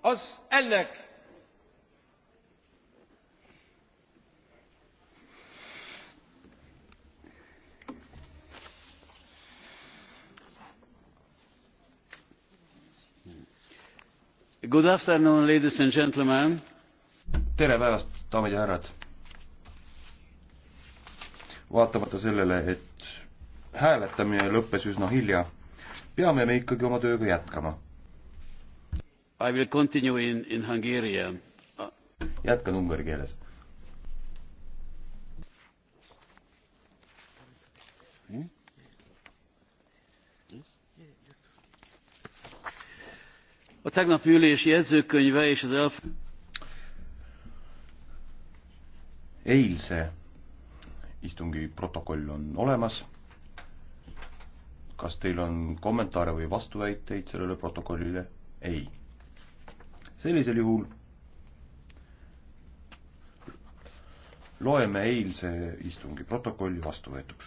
az ennek Good afternoon, ladies and gentlemen. tere päevast, daamid ja härrad. vaatamata sellele, et hääletamine lõppes üsna hilja, peame me ikkagi oma tööga jätkama I will continue in, in Hungarian. jätkan ungari keeles. Hmm? A tegnapi ülés jegyzőkönyve és az elf... Eilse istungi protokoll on olemas. Kas teil on kommentaare või vastuväiteid sellele protokollile? Ei sellisel juhul loeme eilse istungi protokolli vastuvõetuks.